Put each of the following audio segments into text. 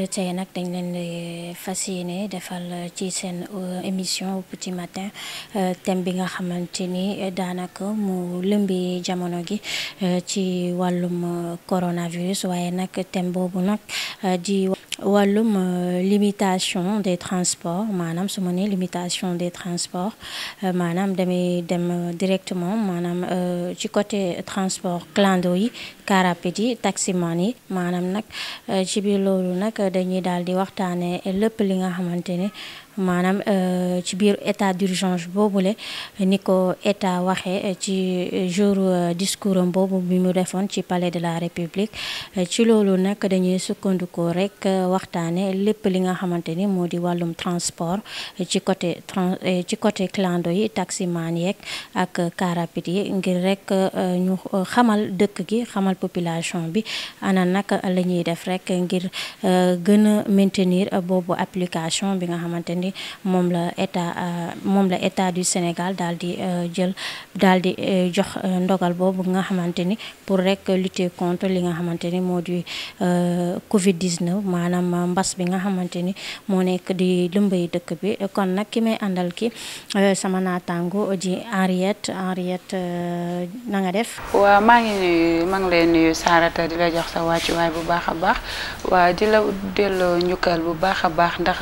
Euh, tey nag dañ leen di fas yéene defal euh, ci seen euh, émission petit matin thème bi nga xamante ni daanaka mu lëmbi jamono gi ci wàllum coronavirus waaye nag thème boobu nag di wàllum limitation des transports maanaam su ma nee limitation des transports maanaam damay dem directement maanaam ci côté transport clando yi car yi taximan yi maanaam nag ci biir loolu nag dañuy daal di waxtaanee lépp li nga xamante ne maanaam euh, ci biir état d'urgence boobule ni ko état waxee euh, ci euh, jour discours am boobu bi mu defoon ci palais de la république ci loolu nag dañuy sukkandikoo rek waxtaane lépp li nga xamante ni moo di wàllum transport ci côté ci côté clando yi taximaan yeeg ak car yi ngir rek ñu xamal dëkk gi xamal population bi ana naka la ñuy def rek ngir gën a maintenir boobu application bi nga xamante ni ni moom la état euh, moom la état du Sénégal daal di euh, jël daal di euh, jox ndogal boobu nga xamante ni pour rek lutter contre li nga xamante ni moo di Covid 19 maanaam mbas bi nga xamante ni moo nekk di lëmbay dëkk bi kon nag ki may àndal ki sama naataango ji Henriette Henriette na nga def. waaw maa ngi nuyu maa ngi lay nuyu Sarata di la jox sa wàccuwaay bu baax a baax waa di la delloo njukkal bu baax a baax ndax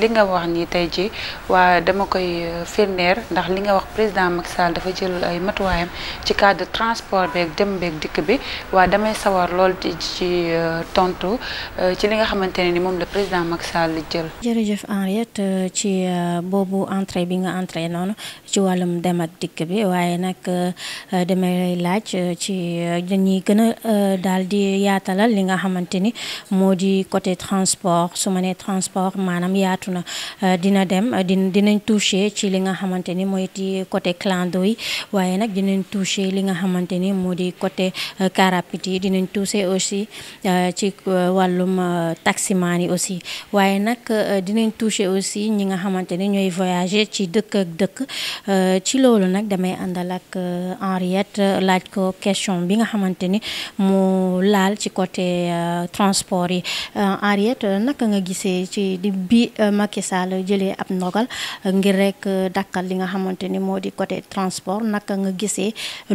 li nga. wax nii tey jii waa dama koy euh, firndeer ndax li nga wax président Macky Sall dafa jël ay matuwaayam ci cadre transport beeg dem beeg dikk bi waa damay sawar lool ci euh, tontu euh, ci li nga xamante ne ni moom la président Macky Sall jël. jërëjëf Henriette ci boobu entrée bi nga entrée noonu ci wàllum dem ak dikk bi waaye nag damay laaj ci ñi gën a daal di yaatalal li nga xamante ni moo di côté transport su ma nee transport maanaam yaatu na Euh, dina dem euh, din dinañ touché ci li nga xamante ni mooy ci côté clando yi waaye nag dinañ touché li nga xamante ni moo di côté euh, car rapide yi dinañ touché aussi ci wàllum taximaan yi aussi waaye nag dinañ touché aussi ñi nga xamante ni ñooy voyager ci dëkk ak dëkk ci loolu nag damay àndal ak Henriette laaj ko question bi nga xamante ni mu laal ci côté transport yi Henriette naka nga gisee ci di bi Macky Sall Sall jëlee ab ndogal ngir rek dakkal li nga xamante ni moo di côté transport naka nga gisee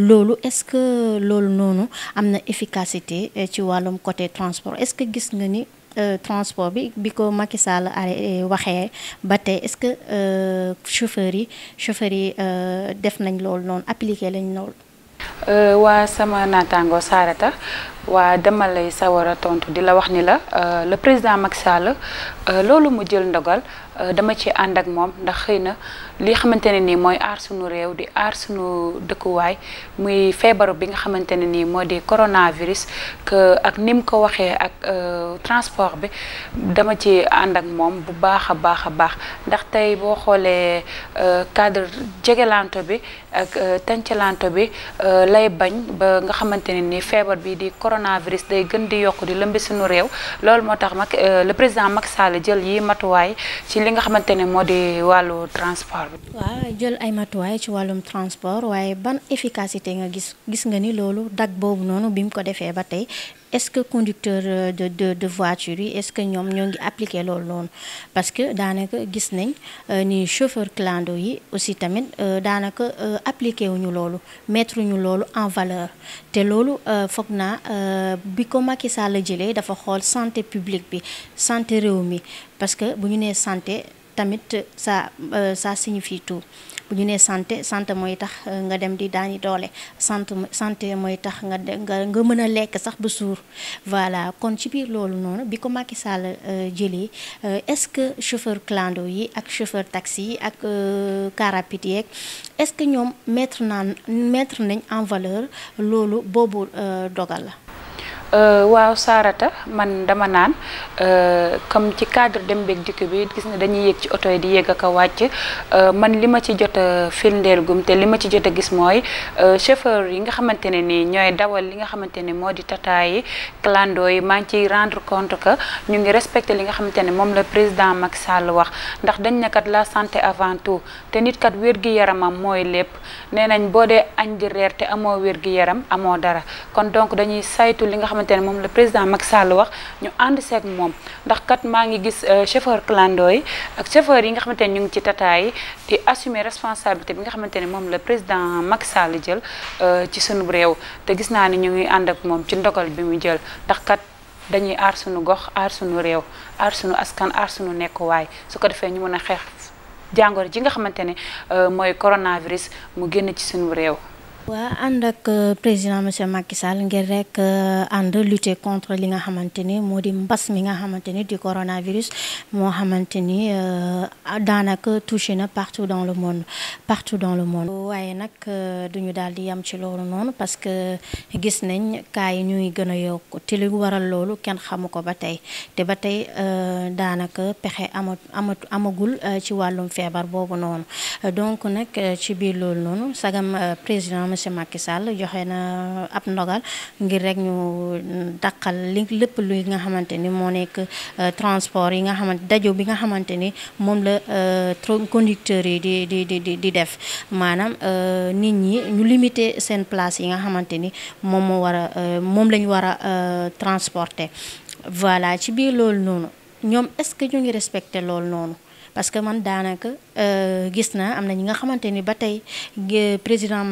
loolu est-ce que loolu noonu am na efficacité eh, ci wàllum côté transport est-ce que gis nga ni euh, transport bi bi ko Macky Sall eh, waxee ba tey est-ce que euh, chauffeurs yi chauffeurs yi euh, def nañ loolu noonu appliqué lañ loolu. waa sama naataango Sarata waa dama lay sawar a tontu di la wax ni la euh, le président Macky Sall euh, loolu mu jël ndogal euh, dama ci ànd ak moom ndax xëy na li xamante ne nii mooy aar sunu réew di aar sunu dëkkuwaay muy feebaru bi nga xamante ne nii moo di coronavirus que ak ni ko waxee ak transport bi dama ci ànd ak moom bu baax a baax a baax ndax tey boo xoolee cadre jegelanto bi ak tëncalanto bi lay bañ ba nga xamante nii feebar bi di corona coronavirus day gën di yokk di lëmbi suñu réew loolu moo tax mag euh, le président Macky Sall jël yi matuwaay ci li nga xamante ne moo di wàllu transport bi. jël ay matuwaay ci wàllum transport waaye ban efficacité nga gis gis nga ni loolu dag boobu noonu bi mu ko defee ba tey est-ce que conducteur euh, de de de voiture yi est-ce que ñoom ñoo ngi appliquer loolu noonu parce que daanaka gis nañ euh, ni chauffeur clando yi aussi tamit euh, daanaka appliquer wuñu loolu mettre ñu loolu en valeur te loolu foog naa bi ko Macky Sall jëlee dafa xool santé publique bi santé réew mi parce que bu ñu nee santé. tamit sa euh, ça signifie tout bu ñu nee santé santé mooy tax euh, nga dem di daani doole santé santé mooy tax nga nga nga mën a lekk sax ba suur voilà kon ci biir loolu noonu bi ko Macky Sall euh, jëlee est-ce que chauffeur clando yi ak chauffeur taxi yi ak car rapide yeeg est-ce que ñoom mettre naan mettre nañ en valeur loolu boobu dogal la Euh, waaw saarata man dama naan euh, comme ci cadre dem beeg dikk bi gis nga dañuy yéeg ci oto yi di yéeg ak a wàcc euh, man li ma ci jot a firndeel gum te li ma ci jot a gis mooy chauffeur yi nga xamante ne nii ñooy dawal li nga xamante ne moo di tata yi clando yi maa ngi ciy rendre compte que ñu ngi respecté li nga xamante ne moom la président mag Sall wax ndax dañ nakat la santé avant tout te nit kat wér gi yaramam mooy lépp nee nañ boo dee añ di reer te amoo wér gi yaram amoo dara xamante moom la président Macky Sall wax ñu ànd seeg moom ndax kat maa ngi gis euh, chauffeur clando ak chauffeur yi nga xamante ne ñu ngi ci tata yi di assumer responsabilité bi nga xamante ne moom la président Macky Sall jël euh, ci suñu réew te gis naa ni ñu ngi ànd ak moom ci ndogal bi mu jël ndax kat dañuy aar suñu gox aar suñu réew aar suñu askan aar sunu nekkuwaay su ko defee ñu mën a xeex jàngoro ji nga xamante ne euh, mooy coronavirus mu génn ci suñu réew. waa ànd ak euh, président monsieur Macky Sall ngir rek euh, ànd lutter contre li nga xamante ni moo di mbas mi nga xamante ni di coronavirus moo xamante ni euh, daanaka touché na partout dans le monde partout dans le monde. waaye nag duñu daal di yam ci loolu noonu parce que gis nañ cas yi ñuy gën a yokk te li waral loolu kenn xamu ko ba tey te ba tey daanaka pexe ama ama amagul ci wàllum feebar boobu noonu donc nag ci biir loolu noonu sagam président. monsieur Macky Sall joxe na ab ndogal ngir rek ñu daqal li lépp luy nga xamante ni moo nekk euh, transport yi nga xamante dajo bi nga xamante ni moom la euh, conducteurs yi di di di di def maanaam euh, nit ñi ñu limiter seen place yi nga xamante ni moom moo war a moom lañu ñu war a transporter voilà ci biir loolu noonu ñoom est-ce ngi respecter loolu noonu. parce que man daanaka euh, gis naa am na ñi nga xamante ni ba tey président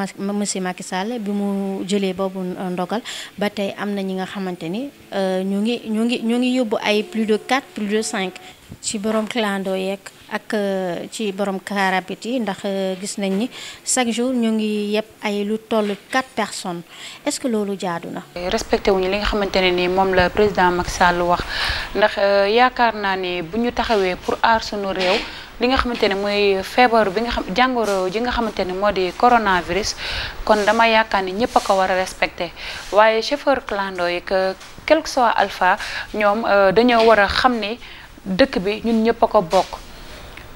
monsieur Macky Sall bi mu jëlee boobu euh, ndogal ba tey am na ñi nga xamante ni euh, ñu ngi ñu ngi ñu ngi yóbbu ay plus de 4 plus de 5 ci borom clando yeeg. ak euh, ci borom kaarapit yi ndax euh, gis nañ ni chaque jour ñu ngi yëpp ay lu toll quatre personnes est-ce que loolu jaadu na. respecté wuñu li nga xamante ne ni moom la président Macky Sall wax ndax euh, yaakaar naa ne bu ñu taxawee pour aar li nga xamante ne mooy feebar bi nga xam jàngoro ji nga xamante ne moo di coronavirus kon dama yaakaar ni ñëpp a ko war a respecté waaye chauffeur clando yi quelque quel que soit alpha ñoom dañoo war a xam ni dëkk bi ñun ñëpp a ko bokk.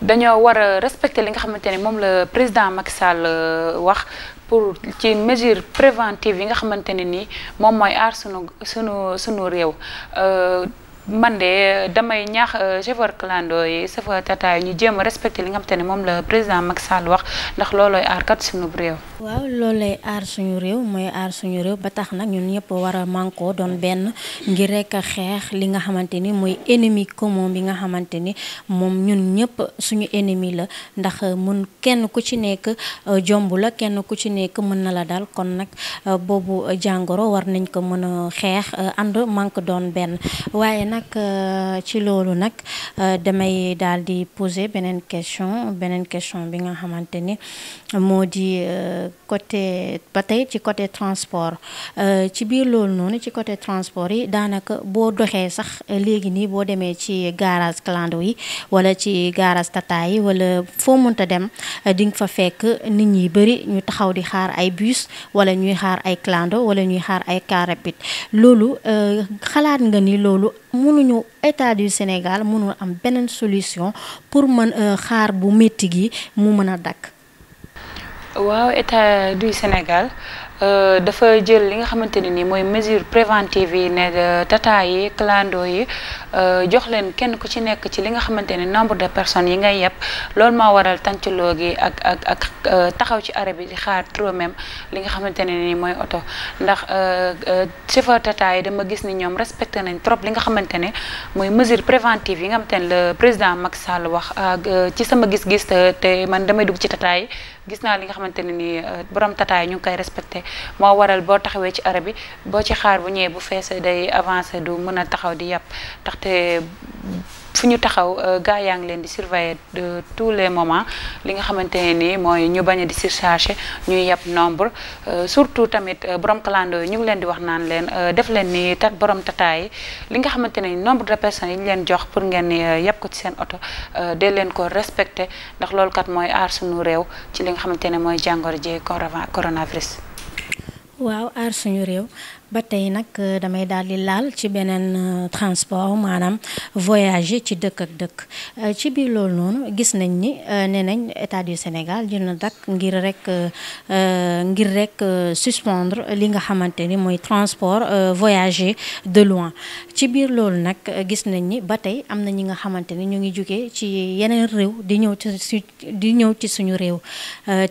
dañoo war a respecter li nga xamante ne moom la président Macky Sall euh, wax pour ci mesure préventive yi nga xamante ne nii moom mooy aar sunu sunu sunu réew. Euh, man de damay ñaax chauffeur clando yi chauffeur tata yi ñu jéem a respecté li nga xamante ne moom la président mag Sall wax ndax loolooy aar kat suñu réew. waaw loolooy aar suñu réew mooy aar suñu réew ba tax nag ñun ñëpp war a mànkoo doon benn ngir rek xeex li nga xamante ni mooy ennemi commun bi nga xamante ni moom ñun ñëpp suñu ennemi la ndax euh, mun kenn ku ci nekk euh, jomb la kenn ku ci nekk mën na la daal kon nag euh, boobu jàngoro war nañ ko mën a xeex ànd manque doon benn waaye nag nag euh, ci loolu nag euh, damay daal di poser beneen question beneen question bi nga xamante ni moo di euh, côté ba tey ci côté transport ci biir loolu noonu ci côté transport yi daanaka boo doxee sax léegi nii boo demee ci garage clando yi wala ci garage tata yi wala foo mënta dem di nga fa fekk nit ñi bëri ñu taxaw di xaar ay bus wala ñuy xaar ay clando wala ñuy xaar ay car rapide loolu xalaat nga ni loolu mënuñu état du Sénégal mënul am beneen solution pour mën euh, xaar bu métti gi mu mën a dakk waaw état du Sénégal Euh, dafa jël li nga xamante ne nii mooy mesure préventive yi ne euh, tata yi clando yi euh, jox leen kenn ku ci nekk ci li nga xamante ne nombre de personnes yi ngay yeb loolu moo waral tàncaloo gi ak ak ak taxaw ci arab bi di xaar trop li nga xamante ne mooy oto ndax chauffeur tata yi dama gis ni ñoom respecté nañ trop li nga xamante ne mooy mesure préventive yi nga xamante ne président Macky Sall wax ak ci sama gis-gis te man damay dugg ci tata yi gis naa li nga xamante ne nii euh, borom tataay ñu ngi koy respecté moo waral boo taxawee ci arab bi boo ci xaar bu ñëwee bu feesee day avancé du mën a taxaw di yàpp taxte fu ñu taxaw euh, gaa yaa ngi leen di surveiller de tous les moments li nga xamante ne nii mooy ñu bañ a di surcharger ñuy yepp nombre euh, surtout tamit euh, borom clando yi ñu leen di wax naan leen def leen ni tak borom tataay li nga xamante ne nombre de personnes yi ñu leen jox pour ngeen yab ko ci seen oto de leen ko respecter ndax loolu kat mooy aar suñu réew ci li nga xamante ne mooy jàngoro ji coronavirus. waaw aar suñu réew. ba tey nag euh, damay daal di laal ci beneen euh, transport maanaam voyager ci dëkk ak dëkk euh, ci biir loolu noonu gis nañ ni nee nañ état du Sénégal jël na dak ngir rek ngir rek suspendre li nga xamante ni mooy transport voyager de loin ci biir loolu nag gis nañ ni ba tey am na ñi nga xamante ni ñu ngi jugee ci yeneen réew di ñëw ci di ñëw ci suñu réew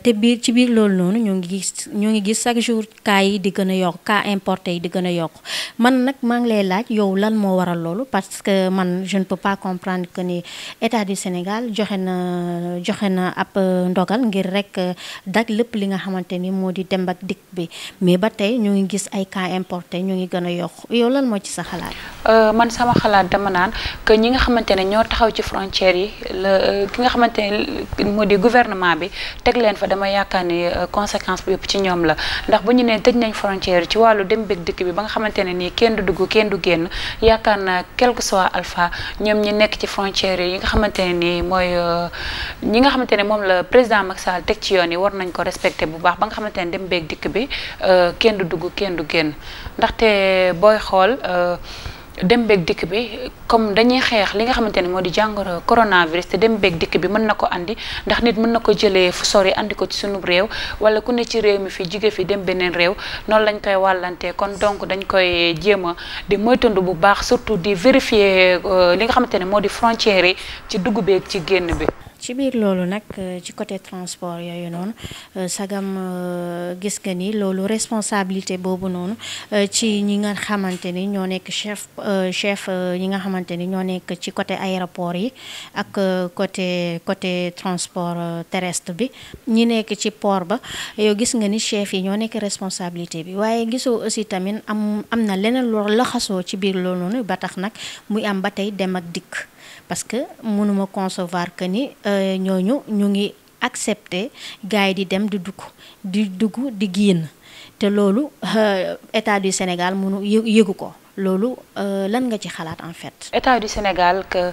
te biir ci biir loolu noonu ñoo ngi gis ñu ngi gis chaque jour cas yi di gën a yokk cas importé tey di gën a yokk man nag maa ngi lay laaj yow lan moo waral loolu parce que man je ne peux pas comprendre que ni état du Sénégal joxe na joxe na ab euh, ndogal ngir rek euh, daj lépp li nga xamante ni moo di dem ak dikk bi mais ba tey ñu ngi gis ay cas importé ñu ngi gën a yokk yow lan moo ci sa xalaat. Euh, man sama xalaat dama naan que ñi nga xamante ne ñoo taxaw ci frontières yi la ki nga xamante ne moo di gouvernement bi teg leen fa dama yaakaar ne conséquence bi yëpp ci ñoom la ndax bu ñu nee tëj nañ frontière dikk bi ba nga xamante ne nii kenn du dugg kenn du génn yaakaar naa quel que soit alpha ñoom ñi nekk ci frontières yi nga xamante ne nii mooy euh, ñi nga xamante ne moom la président Macky Sall teg ci yoon yi war nañ ko respecté bu baax ba nga xamante ne dem beeg dikk bi euh, kenn du dugg kenn du génn ndaxte booy xool. Euh, dem beeg dikk bi comme dañuy xeex li nga xamante ne moo di jàngoro coronavirus te dem beeg dikk bi mën na ko indi ndax nit mën na ko jëlee fu sori andi ko ci sunu réew wala ku ne ci réew mi fi jige fi dem beneen réew noonu lañ koy wàllantee kon donc dañ koy jéem a di moytandu bu baax surtout di vérifier euh, li nga xamante ne moo di frontières yi ci dugg beeg ci génn bi. ci biir loolu nag euh, ci côté transport yooyu noonu euh, sagam euh, gis nga ni loolu responsabilité boobu noonu ci ñi nga xamante ni ñoo nekk chef chef ñi nga xamante ni ñoo nekk ci côté aéroport yi ak côté côté transport terrestre bi ñi nekk ci port ba yow gis nga ni chef yi ñoo nekk responsabilité bi waaye gisoo aussi tamit am am na leneen loolu laxasoo ci biir loolu noonu ba tax nag muy am ba tey dem ak dikk parce que mënuma concevoir que ni euh, ñooñu ñu ngi accepter gars yi di dem di dugg di dugg di génn te loolu euh, état du Sénégal mënu yëgu ko loolu euh, lan nga ci xalaat en fait. état du Sénégal que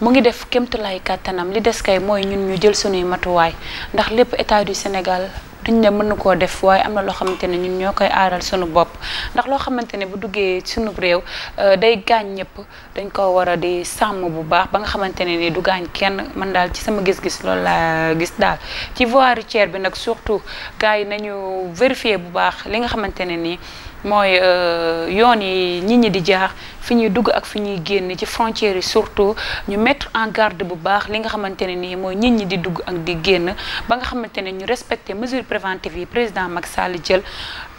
mu ngi def kéemtulaay kàttanam li des kay mooy ñun ñu jël sunuy matuwaay ndax lépp état du Sénégal. duñ ne mën na koo def waaye am na loo xamante ne ñun ñoo koy aaral sunu bopp ndax loo xamante ne bu duggee sunu réew euh, day gaañ ñëpp dañ ko war a di sàmm bu baax ba nga xamante ne ni du gaañ kenn mën daal ci sama gis-gis loolu laa gis daal ci voie routière bi nag surtout gars yi nañu vérifier bu baax li nga xamante ne nii mooy euh, yoon yi nit ñi di jaar fi ñuy dugg ak fi ñuy génn ci frontières yi surtout ñu mettre en garde bu baax li nga xamante ne nii mooy nit ñi di dugg ak di génn ba nga xamante ne ñu respecté mesures préventives yi président Macky Sall jël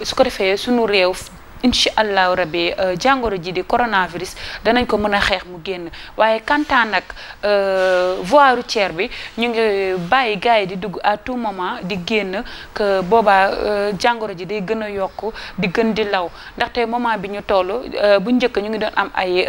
su ko defee suñu réew incha allahu rabi euh, jàngoro ji di coronavirus danañ ko mën a xeex mu génn waaye kantaan nag euh, voie routière bi ñu ngi bàyyi gars yi di dugg à tout moment di génn que boobaa euh, jàngoro ji day gën a yokk di gën di law ndaxte moment bi ñu toll bu njëkk ñu ngi doon am ay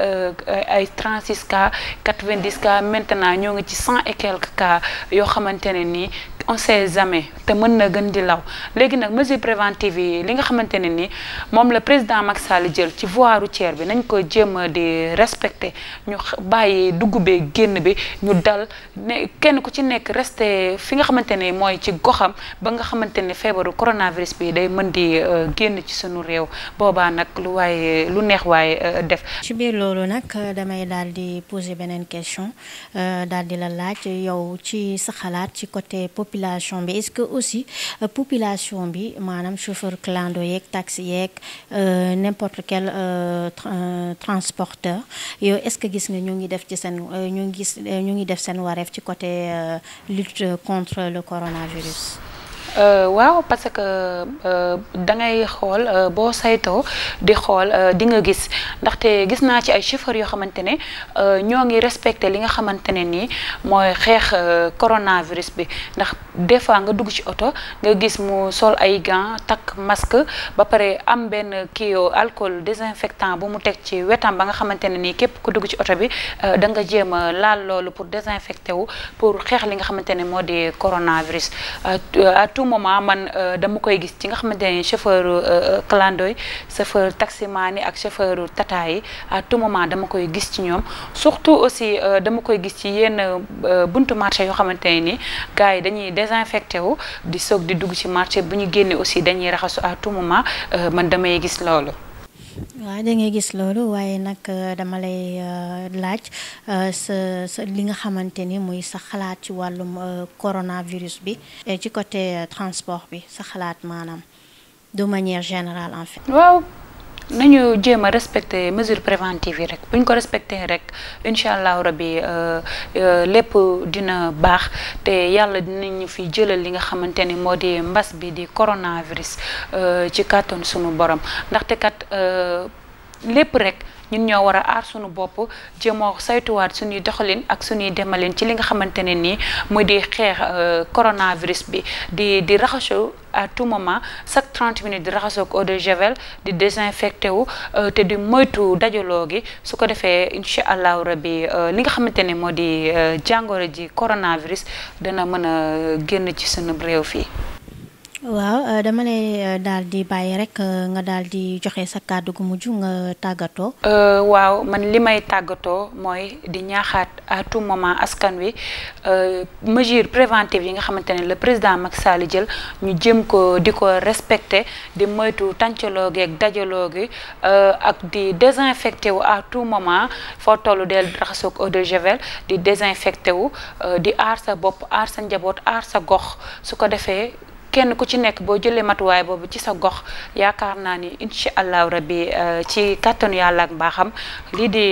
ay 36 cas 90 cas maintenant ñoo ngi ci cent et quelques cas yoo xamante ne nii. on sait jamais te mën na gën di law léegi nag mesure préventive yi li nga xamante ne ni moom la président Macky Sall jël ci voie routière bi nañ ko jéem di respecter ñu bàyyi dugg bi génn bi ñu dal ne kenn ku ci nekk reste fi nga xamante ne mooy ci goxam ba nga xamante ne feebaru coronavirus bi day mën di euh, génn ci sunu réew boobaa nag lu waaye lu neex waaye euh, def. ci biir loolu nag euh, damay daal di poser beneen question daal di la laaj yow ci sa xalaat ci côté population population bi est-ce que aussi euh, population bi maanaam chauffeur clando yeeg taxi yeeg euh, n'importe quel euh, transporteur yow est-ce que gis nga ñu ngi def ci seen ñu ngi gis ñu ngi def seen wareef ci côté lutte contre le coronavirus Euh, waaw parce que euh, da ngay xool euh, boo saytoo di xool di nga gis ndaxte gis naa ci ay chiffres yoo xamante ne ñoo ngi respecté li nga xamante ne nii mooy xeex coronavirus bi ndax des fois nga dugg ci oto nga gis mu sol ay gants takk masque ba pare am benn kii alcool désinfectant bu mu teg ci wetam ba nga xamante ne nii képp ku dugg ci oto bi da nga jéem laal loolu pour désinfecté wu pour xeex li nga xamante ne moo di coronavirus à moment man euh, dama koy gis ci nga xamante ne chauffeur euh, euh, clando yi chauffeur taximan yi ak chauffeur tata yi à tout moment dama koy gis ci ñoom surtout aussi dama koy gis ci yenn buntu marché yoo xamante ne ni gars yi dañuy désinfecté wu di soog di dugg ci marché bu ñu génne aussi dañuy raxasu à tout moment man damay gis loolu waaw da ngay gis loolu waaye nag euh, dama lay euh, laaj euh, sa li nga xamante ni muy sa xalaat ci wàllum coronavirus bi ci côté transport bi sa xalaat maanaam de manière générale en fait. nañu jéem a respecter mesures préventives yi rek buñ ko respecter rek incha allahu rabi euh, euh, lépp dina baax te yàlla ñu fi jëlal li nga xamante ni moo di mbas bi di coronavirus euh, ci kàttan sunu borom ndaxte kat lépp rek. ñun ñoo war a aar suñu bopp jéemoo saytuwaat suñuy doxalin ak suñuy demalin ci li nga xamante ne nii muy di xeex euh, coronavirus bi di di raxasu à tout moment chaque 30 minutes di raxasoo ak eau de javel di désinfecté wu euh, te di moytu dajaloo gi su ko defee incha allahu rabi euh, li nga xamante ne moo di jàngoro ji coronavirus dana mën a génn ci sunu réew fii. waaw euh, dama lay euh, daal di bàyyi rek euh, nga daal di joxe sa kàddu gu mujj nga tàggatoo. waaw man li may tàggatoo mooy di ñaaxaat à tout moment askan wi mesure préventive yi nga xamante ne le président mag Sall jël ñu jëm ko di ko respecté di moytu tàncaloo gi ak dajaloo gi ak di désinfecté wu à tout moment foo tollu del raxasoo ak eau de javel di désinfecté wu di aar sa bopp aar sa njaboot aar sa gox su ko defee. kenn ku ci nekk boo jëlee matuwaay boobu ci sa gox yaakaar naa ni incha allahu rabbi euh, ci kàttanu yàlla ak mbaaxam lii di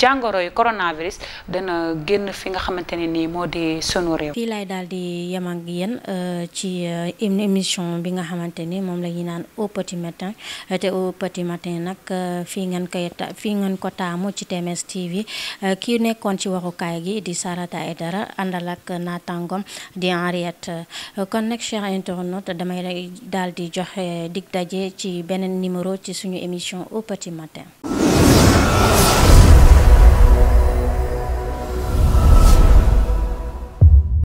jàngoro yi coronavirus dana génn fi nga xamante ne nii moo di sunu réew. fii daal di yem ak yéen euh, ci euh, émission bi nga xamante ni moom la naan au petit matin te au petit matin nag fii ngeen koy fii ngeen ko taamu ci TMS TV ki nekkoon ci waxukaay gi di Sarata Aidara àndal ak naataangoom di Henriette kon nag Cheikh internautes damay lay daal di joxe dig daje ci beneen numéro ci suñu émission au petit matin.